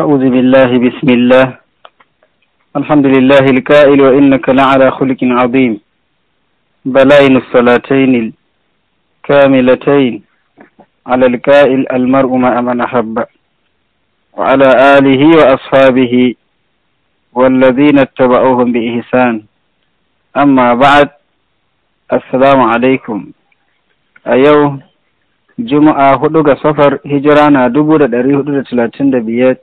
أعوذ بالله بسم الله الحمد لله الكائل وإنك لعلى خلق عظيم بلين الصلاتين الكاملتين على الكائل المرء ما أمن حب وعلى آله وأصحابه والذين اتبعوهم بإحسان أما بعد السلام عليكم أيوه جمعة hudu صفر هجرانا hijira داري dubu da dari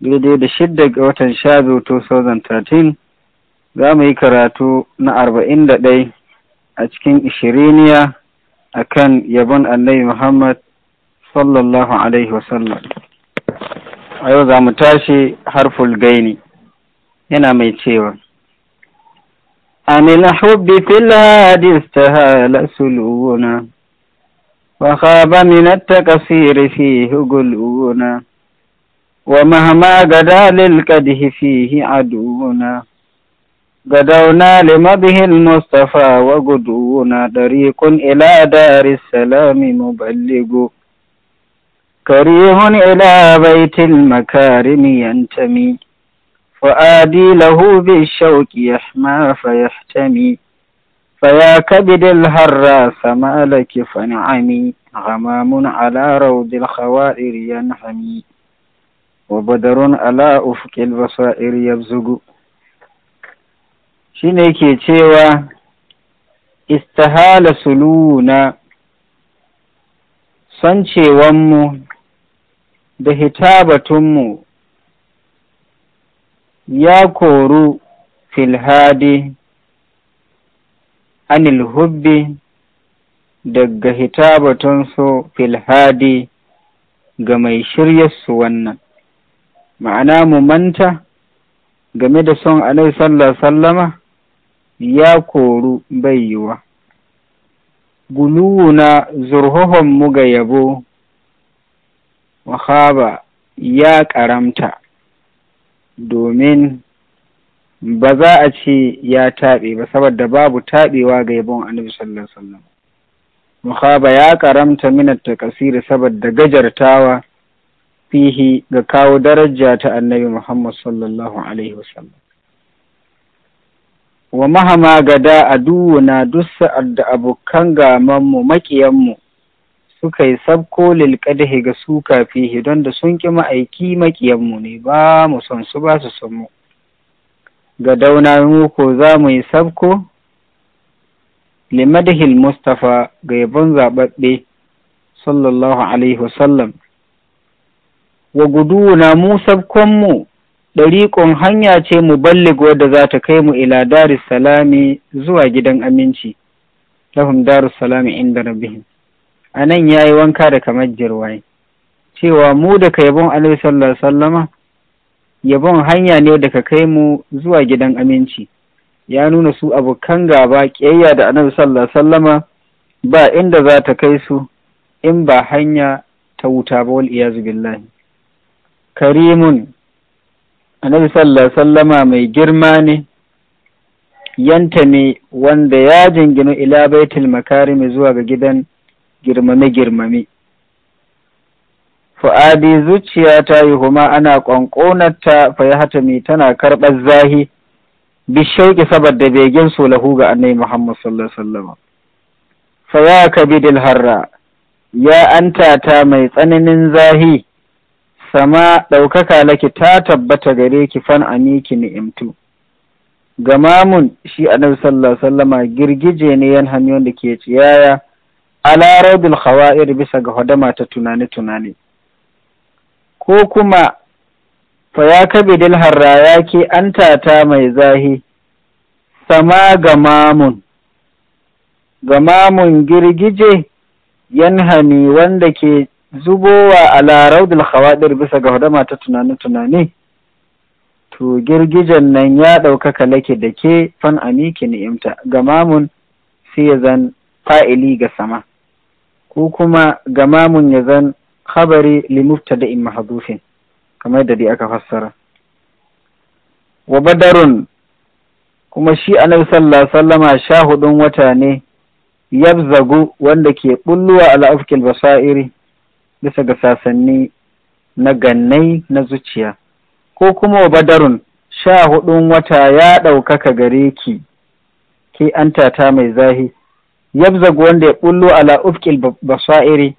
daidai da shidda ga watan sha 2013 za mu yi karatu na arba'in da ɗai a cikin ishiriniya a kan yabon annabi muhammad sallallahu alaihi wasallam a yau za mu tashi harful gaini yana mai cewa عن الحب في الهادي استهال سلونا وخاب من التقصير fi قلونا ومهما غدا للكده فيه عدونا غدونا لمضه المصطفى وغدونا طريق إلى دار السلام مبلغ كريم إلى بيت المكارم ينتمي فآدي له بالشوك يحمى فيحتمي فيا كبد الهرى ما لك فنعمي غمام على روض الخوائر ينحمي وبدر على أفق البصائر يبزغ shine yake cewa istahala suluna sancewanmu da hitabatunmu ya koru filhadi anil hubbi daga hitabatunsu filhadi ga mai shirya su wannan ma'ana mu manta game da son alai sallar sallama ya koru bai yiwa guluwuna mu ga yabo wahaba ya karamta domin ba za a ce ya taɓe ba saboda babu taɓewa ga yabon annabi sallallahu alaihi wasallam muhaba ya karamta minatta takasiri saboda gajartawa fihi ga kawo daraja ta annabi Muhammad sallallahu Alaihi wasallam. Wa mahama gada a na duk sa'ad da abokan gamanmu maƙiyanmu suka yi sabko lilƙadahi ga suka fihi don da sun ƙi ma'aiki maƙiyanmu ne ba mu son su ba su son mu. Ga dauna ko za mu yi sabko limadhil Mustapha ga yabon zaɓaɓɓe sallallahu Alaihi wasallam. wa na mu sabkonmu ɗariƙon hanya ce mu ballig wadda za ta kai mu ila daris salami zuwa gidan aminci lahum daris salami inda bihin. a nan ya yi wanka da kamar jirwai cewa mu da ka yabon alaihi sallama yabon hanya ne da ka kai mu zuwa gidan aminci ya nuna su abokan gaba ƙiyayya da annabi sallallahu sallama ba inda za ta kai su in ba hanya ta wuta ba wal iyazu billahi karimun annabi sallallahu sallama mai girma ne yanta ne wanda ya jinginu ila baitul makarimi zuwa ga gidan girmame-girmame fu'adi zuciya ta yi huma ana ƙwanƙonarta fa ya hatami tana karɓar zahi bishauƙi saboda begen solahu ga annabi muhammad sallallahu sallama fa ya kabidil harra ya anta ta mai tsananin zahi sama ɗaukaka laki ta tabbata gare ki fan amiki ni'imtu gamamun shi annabi sallallahu alaihi wasallama girgije ne yan hanyoyin da ke ciyaya ala raudul khawa'ir bisa ga hadama ta tunani tunani ko kuma fa ya kabe kabidil harraya ke anta ta mai zahi sama gamamun gamamun girgije yan hani wanda ke zubowa a raudul khawadir bisa ga hudama ta tunani-tunani to girgijen nan ya ɗaukaka lake da ke fan amiki ni'imta ga mamun sai ya zan fa'ili ga sama ko kuma ga mamun ya zan khabari limufta da in mahadufin kamar da dai aka fassara wa badarun kuma shi annabi sallallahu sallama sha hudun wata ne yabzagu wanda ke bulluwa ala afkil basairi bisa ga sasanni na gannai na zuciya ko kuma wa badarun sha hudun wata ya ɗaukaka gare ki ki an tata mai zahi yabzagu wanda ya ɓullo ala ufkil basairi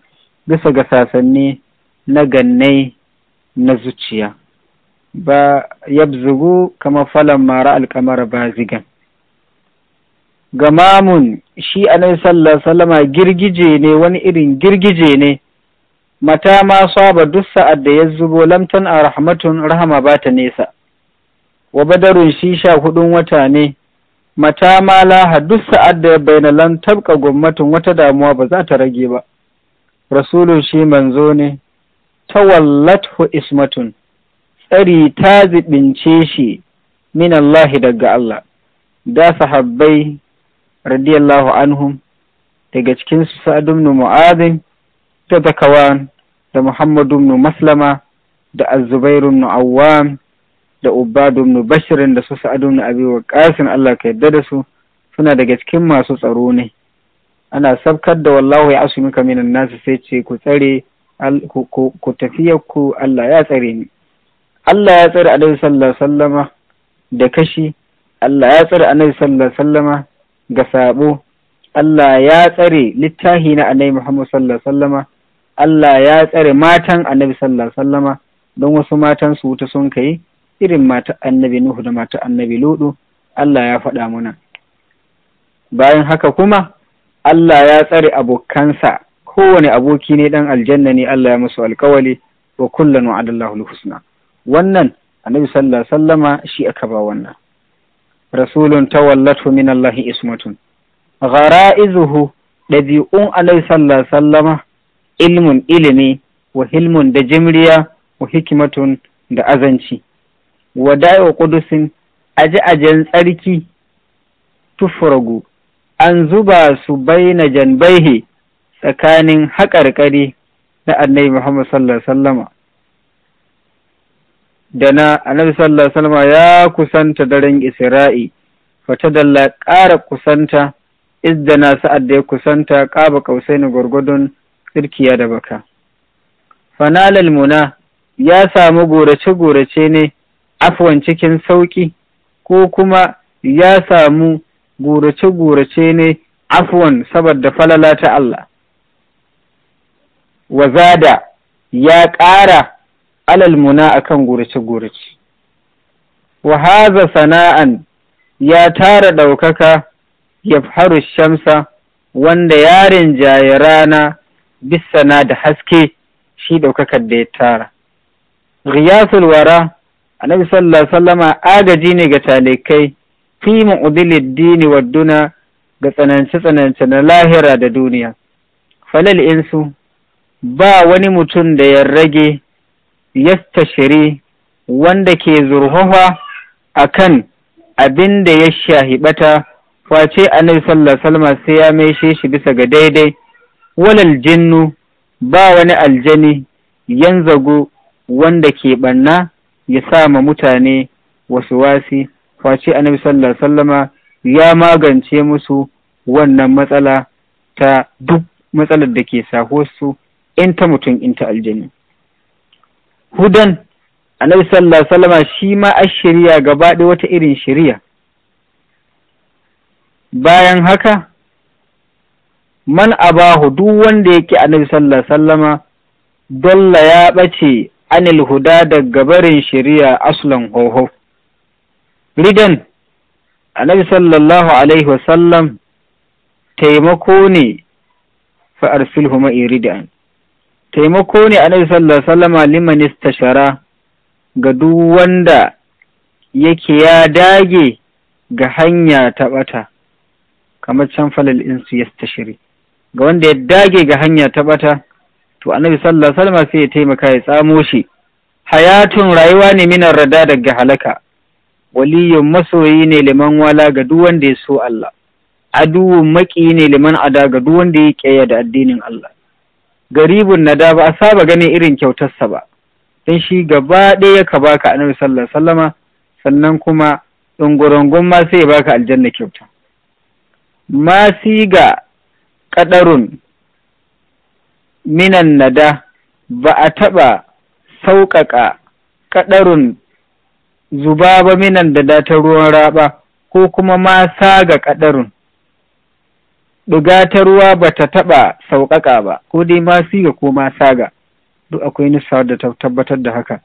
bisa ga sasanni na gannai na zuciya ba yabzugu kama falon mara alkamar zigan. gamamun shi a nan girgije ne wani irin girgije ne mata ma saba duk sa'ad da ya zubo lamtan a rahmatun rahama ba ta nesa wa badarun shi sha hudun wata ne mata ma laha duk sa'ad da baina lan tabka gwamnatin wata damuwa ba za ta rage ba rasulun shi manzo ne tawallathu ismatun tsari ta zibince shi Minan lahi daga Allah da sahabbai radiyallahu anhum daga cikin su sa'ad ibn mu'adh ta zakawan da muhammadu ibn maslama da Azubairu ibn awwam da ubadu ibn bashirin da su sa'adu ibn abi waqasin Allah ka yadda da su suna daga cikin masu tsaro ne ana sabkar da wallahu ya asumika minan nasu sai ce ku tsare ku tafiyar ku Allah ya tsare ni Allah ya tsare Annabi sallallahu alaihi sallama da kashi Allah ya tsare Annabi sallallahu alaihi sallama ga sabo Allah ya tsare littahi na Annabi Muhammad sallallahu alaihi wasallama Allah ya tsare matan annabi sallallahu sallama don wasu matan su wuta sun kai irin mata annabi Nuhu da mata annabi Ludu Allah ya faɗa muna. Bayan haka kuma Allah ya tsare abokansa kowane aboki ne ɗan aljanna ne Allah ya musu alkawali wa kullum wa adallahu husna. Wannan annabi sallallahu sallama shi aka ba wannan. Rasulun tawallatu min Allahi ismatun. Ghara'izuhu ɗabi'un alaihi sallallahu sallama ilmun ilimi wa hilmun da jimriya wa hikimatun da azanci wa wa kudusin aji ajen tsarki tufuragu an zuba su baina janbaihi tsakanin haƙarƙari na annabi Muhammad sallallahu sallama da na annabi sallallahu sallama ya kusanta daren Isra'i dalla ƙara kusanta izdana sa'ad da ya kusanta ƙaba ƙausai na gwargwadon tsirkiya da baka fanalal muna ya samu gorace-gorace ne afwan cikin sauƙi ko kuma ya samu gorace-gorace ne afwan saboda falala ta Allah wazada ya ƙara alal muna kan gorace-gorace Wahaza sana'an ya tara ɗaukaka ya shamsa wanda yarin jaye rana bisana da haske shi ɗaukakar da ya tara. Riyasul wara, annabi sallallahu sallama agaji ne ga talikai, fimin udilid dini wa duna ga tsanance-tsanance na lahira da duniya. Falal insu, ba wani mutum da ya rage shiri, wanda ke zurhuhwa a kan abin da ya shahibata, face annabi sallallahu sallama sai ya maishe shi bisa ga daidai. walal jinnu ba wani aljani yanzago wanda ke ɓanna ya sa ma mutane wasu wasi face annabi sallallahu alaihi sallama ya magance musu wannan matsala ta duk matsalar da ke su in ta mutum in ta aljani hudan annabi sallallahu alaihi sallama shi ma a shirya gaba wata irin shirya bayan haka man abahu duk wanda yake annabi sallallahu sallama dalla ya ɓace anil huda daga barin shari'a aslan hoho ridan annabi sallallahu alaihi wasallam taimako ne fa arsilhu ma iridan taimako ne annabi sallallahu sallama liman istashara ga duk wanda yake ya dage ga hanya ta ɓata kamar can falal insu yastashiri ga wanda ya dage ga hanya ta bata to annabi sallallahu alaihi wasallam sai ya taimaka ya tsamo shi hayatun rayuwa ne minar rada daga halaka waliyun masoyi ne liman wala ga duk wanda ya so Allah aduwun maki ne liman ada ga duk wanda ya kiyaye da addinin Allah garibun nada ba a saba ganin irin kyautarsa ba dan shi gaba ɗaya ya ka baka annabi sallallahu alaihi wasallama sannan kuma dungurungun ma sai ya baka aljanna kyauta Masiga. ƙadarun minan nada ba a taɓa sauƙaƙa ƙadarun zuba ba minan da ta ruwan raba, ko kuma ma saga ƙadarun ɗuga ta ruwa ba ta taɓa sauƙaƙa ba ko dai ma siga ko ma saga duk akwai nisa da ta tabbatar da haka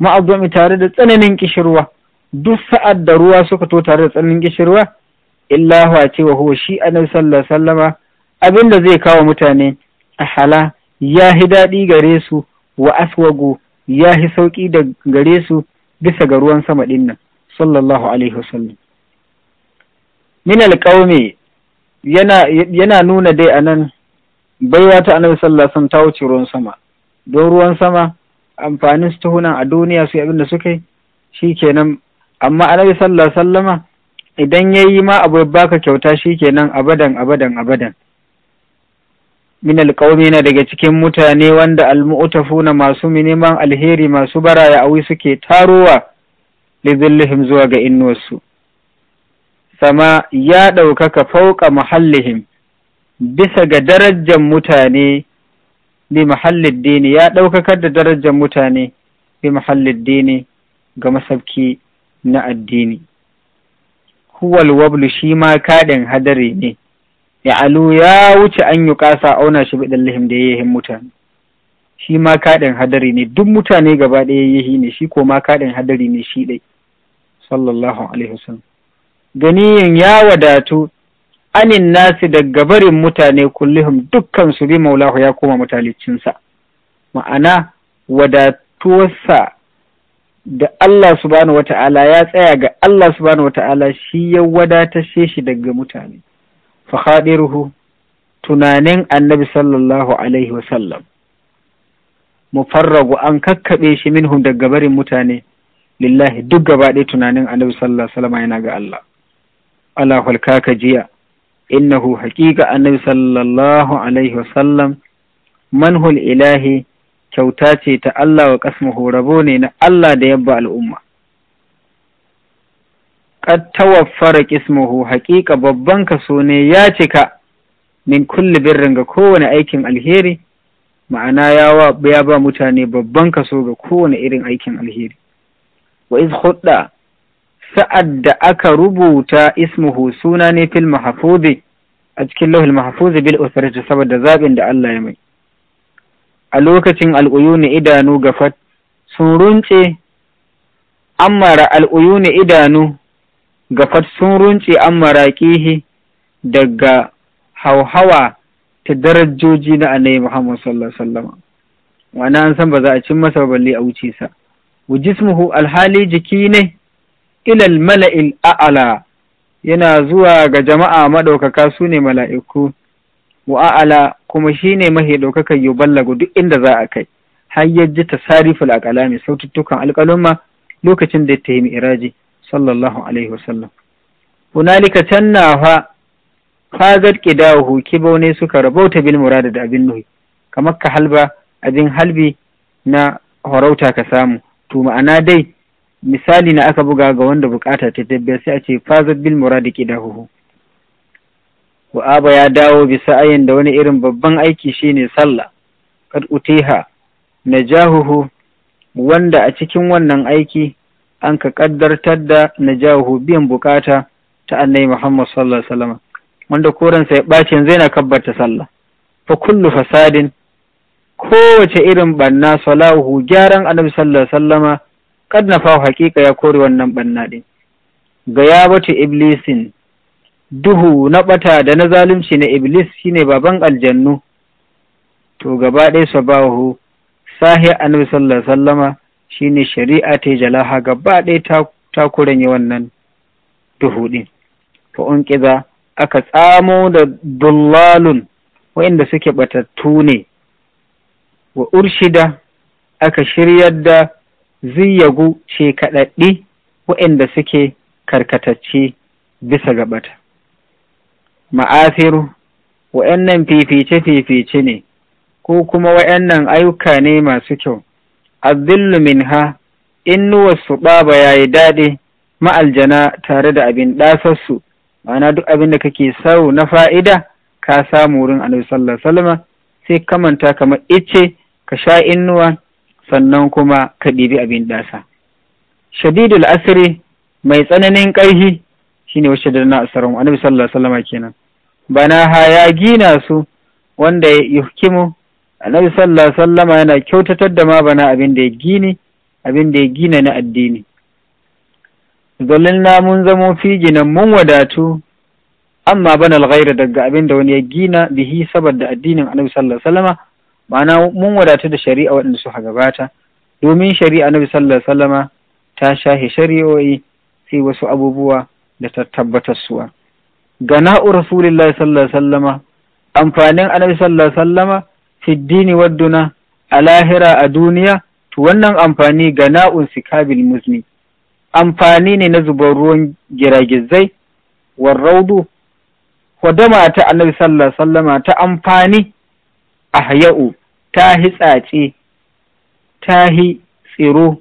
ma'abdomi tare da tsananin ƙishirwa. duk sa'ad da ruwa suka to tare da tsananin kishirwa illahu ce wa huwa shi annabi sallallahu sallama. abin da zai kawo mutane a hala ya hi daɗi gare su wa aswago ya hi sauƙi da gare su bisa ga ruwan sama ɗin nan sallallahu alaihi wasallam min alƙaumi yana yana nuna dai anan baiwa ta annabi sallallahu alaihi ta wuce ruwan sama don ruwan sama amfanin su tuhunan a duniya su abin da suka yi kenan amma annabi sallallahu alaihi wasallama idan yayi ma abu baka kyauta shi kenan abadan abadan abadan min alƙaumi na daga cikin mutane wanda funa masu neman alheri masu baraya awi suke tarowa lidillihim zuwa ga innuwarsu sama ya ɗaukaka fauka muhallihim bisa ga darajar mutane bi muhallin dini ya ɗaukakar da darajar mutane bi muhallin dini ga masabki na addini huwal wablu shi ma kaɗin hadari ne ya alu ya wuce an yi kasa auna shi bi lihim da yayin mutane shi ma kaɗin hadari ne duk mutane gaba ɗaya yayi ne shi ko ma kaɗin hadari ne shi dai sallallahu alaihi wasallam ganiyin ya wadatu anin nasi daga barin mutane kullihum dukkan su bi maulahu ya koma sa ma'ana wadatuwarsa da Allah subhanahu wata'ala ya tsaya ga Allah subhanahu wata'ala shi ya wadatashe shi daga mutane fahadiruhu tunanin annabi sallallahu alaihi wasallam mufarragu an kakkaɓe shi minhu daga barin mutane lillahi duk gaba ɗaya tunanin annabi sallallahu alaihi wasallam yana ga Allah ala hulkaka jiya innahu haqiqa annabi sallallahu alaihi wasallam manhul ilahi kyauta ce ta Allah wa kasmuhu rabo ne na Allah da yabba al'umma qad tawaffara qismuhu haƙiƙa babban kaso ne ya cika min kulli birrin ga kowane aikin alheri ma'ana ya ba mutane babban kaso ga kowane irin aikin alheri wa iz hudda sa'ad da aka rubuta ismuhu suna ne fil mahfuzi a cikin lauhul mahfuzi bil usrati saboda zabin da Allah ya mai a lokacin al'uyuni idanu gafat sun runce ammara al'uyuni idanu gafat sun runce an maraƙihi daga hauhawa ta darajoji na annabi Muhammad sallallahu alaihi wasallam wani an san ba za a cin masa balle a wuce sa wa jismuhu alhali jiki ne ilal mala'il a'ala yana zuwa ga jama'a madaukaka su ne mala'iku wa a'ala kuma shine mahi daukaka yuballagu duk inda za a kai har yaji tasariful aqlami saututtukan alqaluma lokacin da ta yi mi'raji sallallahu alaihi wasallam hunalika cannawa fazat ƙidahu kibaune suka rabauta bil murada da abin nuhi kamar ka halba abin halbi na horauta ka samu to ma'ana dai misali na aka buga ga wanda bukata ta tabbiyar sai a ce fazat bil da qidahu wa aba ya dawo bisa ayin da wani irin babban aiki shine sallah kad utiha najahuhu wanda a cikin wannan aiki an ka kaddartar da najahu biyan bukata ta annabi Muhammad sallallahu alaihi wasallam wanda koransa ya ɓaci yanzu yana kabbata sallah fa kullu fasadin kowace irin banna salahu gyaran annabi sallallahu alaihi wasallama kad haƙiƙa ya kore wannan banna din ga ya bata iblisin duhu na ɓata da na zalunci na iblis shine baban aljannu to gaba ɗaya sabahu sahi annabi sallallahu alaihi wasallama shine shari'a ta yi jalaha gaba ɗaya ta kuranye wannan duhu ɗin fa unqiza aka tsamo da dullalun wa'inda suke batattu ne wa urshida aka shiryar da ziyagu ce kaɗaɗɗi wa'inda suke karkatacce bisa gabata ma'asiru waɗannan fifice-fifice ne ko kuma waɗannan ayyuka ne masu kyau azzillu minha innuwa su ɓaba yi daɗe ma'aljana tare da abin ɗasarsu ma'ana duk abin da kake sau na fa'ida ka samu wurin annabi sallallahu Salama, sai kamanta kamar icce ka sha innuwa sannan kuma ka ɗibi abin ɗasa shadidul asiri mai tsananin ƙarfi shine wacce da na asarin annabi sallallahu Salama kenan bana ha ya gina su wanda ya hukimu. annabi sallallahu alaihi sallama yana kyautatar da ma bana abin da ya gini abin da ya gina na addini na mun zamo fi ginan mun wadatu amma bana alghaira daga abin da wani ya gina bihi saboda addinin annabi sallallahu alaihi sallama ma'ana mun wadatu da shari'a waɗanda suka gabata domin shari'a annabi sallallahu alaihi sallama ta shahe shari'o'i sai wasu abubuwa da ta tabbatar suwa gana'u rasulillahi sallallahu alaihi sallama amfanin annabi sallallahu alaihi sallama fiddini wadduna a lahira a duniya to wannan amfani ga na'un sikabil muzni amfani ne na zubar ruwan giragizai warraudu wadama ta annabi sallallahu alaihi wasallama ta amfani a haya'u ta hi tsace ta hi tsiro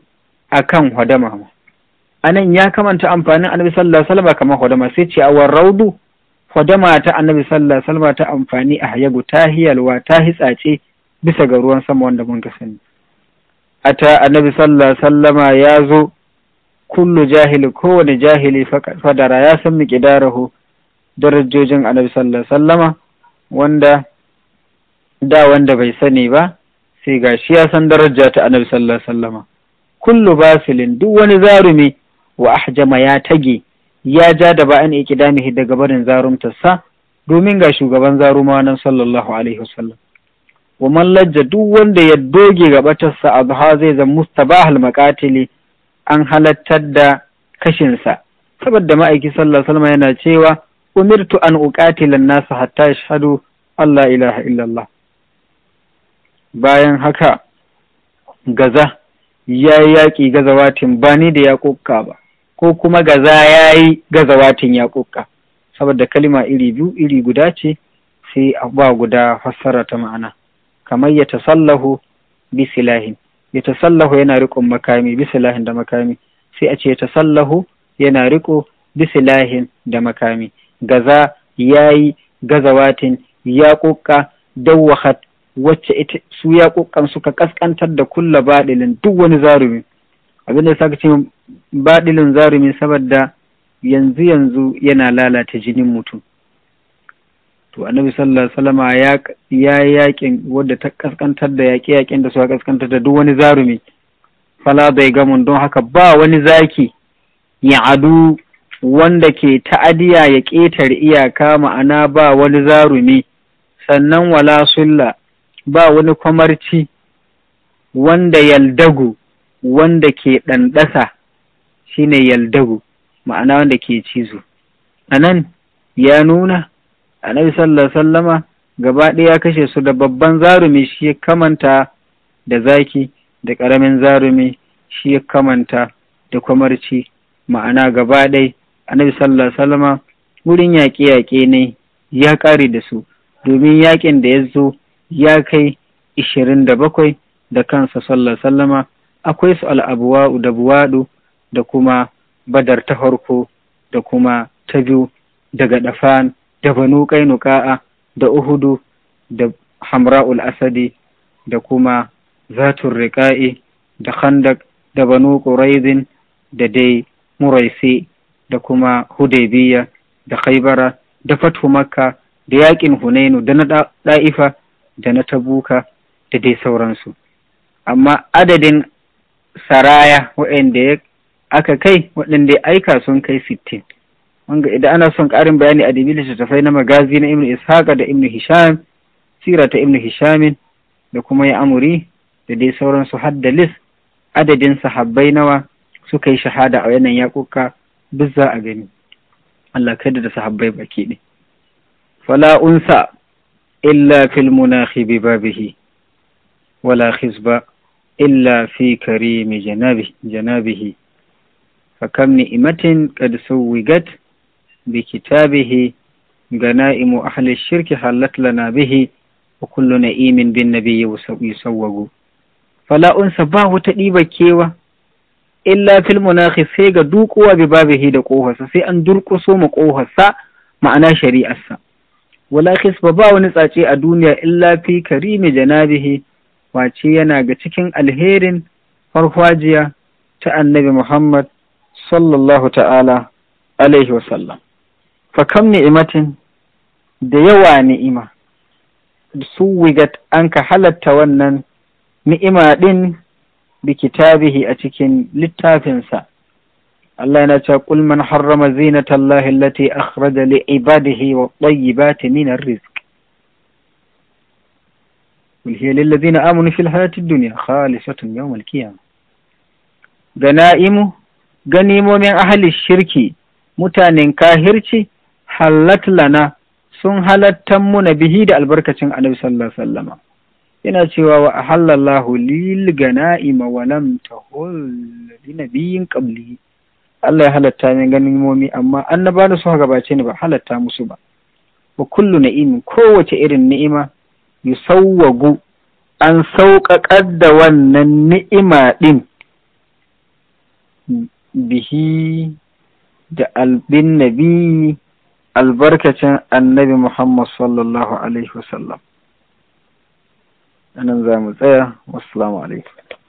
akan hadama anan ya kamanta amfanin annabi sallallahu alaihi wasallama kamar hadama sai ce a warraudu Kwadama ta annabi sallallahu alaihi ta amfani a hayagu ta hiyalwa ta hitsace bisa ga ruwan sama wanda mun ka sani ata annabi sallallahu wasallam ya zo kullu jahili kowane jahili fadara ya san kidarahu darajojin annabi sallallahu wasallam wanda da wanda bai sani ba sai gashi ya san daraja ta annabi sallallahu wasallam kullu basilin duk wani zarumi wa ahjama ya tage ya ja da ba'an iqdamihi daga barin zarumtarsa domin ga shugaban zarumawa nan sallallahu alaihi wasallam wa man duk wanda ya doge ga a azha zai zan mustabahal maqatili an halattar da kashinsa saboda ma'aiki sallallahu alaihi yana cewa umirtu an uqatila nasa, hatta yashhadu Allah ilaha illallah bayan haka gaza ya yaƙi gazawatin ba ni da ya ba ko kuma gaza ya yi gazawatin ya ƙoƙa saboda kalima iri biyu iri guda ce sai a ba guda fassara ta ma'ana kamar ya tasallahu lahin, ya tasallahu yana riƙon makami lahin da makami sai a ce ya tasallahu yana riƙo bisilahin da makami gaza ya yi gazawatin ya ƙoƙa dawwahat wacce ita su ya ƙoƙan suka ƙasƙantar da kulla baɗilin duk wani zarumi abin da ya ce baɗilin zarumi saboda yanzu yanzu yana lalata jinin mutum to annabi sallallahu alaihi ya ya yakin wadda ta kaskantar da yaƙe yaƙin da suka kaskantar da duk wani zarumi fala bai gamun don haka ba wani zaki ya adu wanda ke ta'adiya ya ƙetare iyaka ma'ana ba wani zarumi sannan wala sulla ba wani kwamarci wanda yaldagu wanda ke ɗanɗasa shine yaldabu ma'ana wanda ke cizo a nan ya nuna annabi sallallahu sallar sallama gaba ɗaya ya kashe su da babban zarumi shi ya kamanta da zaki da ƙaramin zarumi shi ya kamanta da kwamarci ma'ana gaba ɗaya annabi sallallahu sallar sallama wurin yaƙe-yaƙe ne ya ƙare da su domin yaƙin da ya zo ya kai ishirin da bakwai da kansa sallallahu sallama akwai su al'abuwa'u da buwaɗu da kuma Badar ta farko da kuma ta biyu daga Dafan da Banu nuka'a da Uhudu da Hamra'ul Asadi da kuma Zatun Riƙa'i da Khandak da Banu ƙuraizin da dai Muraisi da kuma Hudebiya da Khaibara da fatu Makka da yaƙin Hunainu da na ɗa'ifa da na Tabuka da dai sauransu. Amma adadin saraya waɗanda ya aka kai waɗanda aika sun kai sittin wanga idan ana son ƙarin bayani a dibi littattafai na magazi na Ibn ishaqa da ibnu hisham sira ta ibnu hishamin da kuma ya amuri da dai sauransu har da lis adadin sahabbai nawa suka yi shahada a wannan yaƙuka duk a gani Allah kai da sahabbai baki ne fala unsa illa fil bi babihi wala khizba illa fi karimi janabihi فكم نئمة قد سوّقت بكتابه غنائم أهل الشرك حلت لنا به وكل نئيم بالنبي يسوّق فلا أنسى باه تقيب كيوة إلا في المناخ سيغا دوقوا ببابه دقوها سي أن درقصوا مقوها سا ma'ana شريعة سا ولا خس بابا ونسى a duniya illa fi karimi janabihi wace yana الهيرين فرخواجيا alherin farfajiya ta sallallahu ta'ala alaihi wasallam fa kam ni'imatin da yawa ni'ima su wigat an ka halatta wannan ni'ima ɗin bi kitabihi a cikin littafinsa Allah yana cewa qul man harrama zinata Allah allati akhraja li ibadihi wa tayyibati min ar-rizq qul hiya lil ladina amanu fil hayati ad-dunya khalisatan yawm al-qiyamah ganaimu ganimomin ahalin shirki mutanen kahirci halat lana sun halattan muna bihi da albarkacin annabi sallallahu alaihi wasallama yana cewa wa ahallallahu lil ganaima wa lam tahul li nabiyyin qabli Allah ya halatta min ganimomi amma annaba da suka gabace ni ba halatta musu ba wa kullu na'imin kowace irin ni'ima yusawwagu an sauƙaƙar da wannan ni'ima ɗin hmm. bihi da albin nabi albarkacin annabi Muhammad sallallahu Alaihi wasallam. Anan za mu tsaya, wasu alaikum.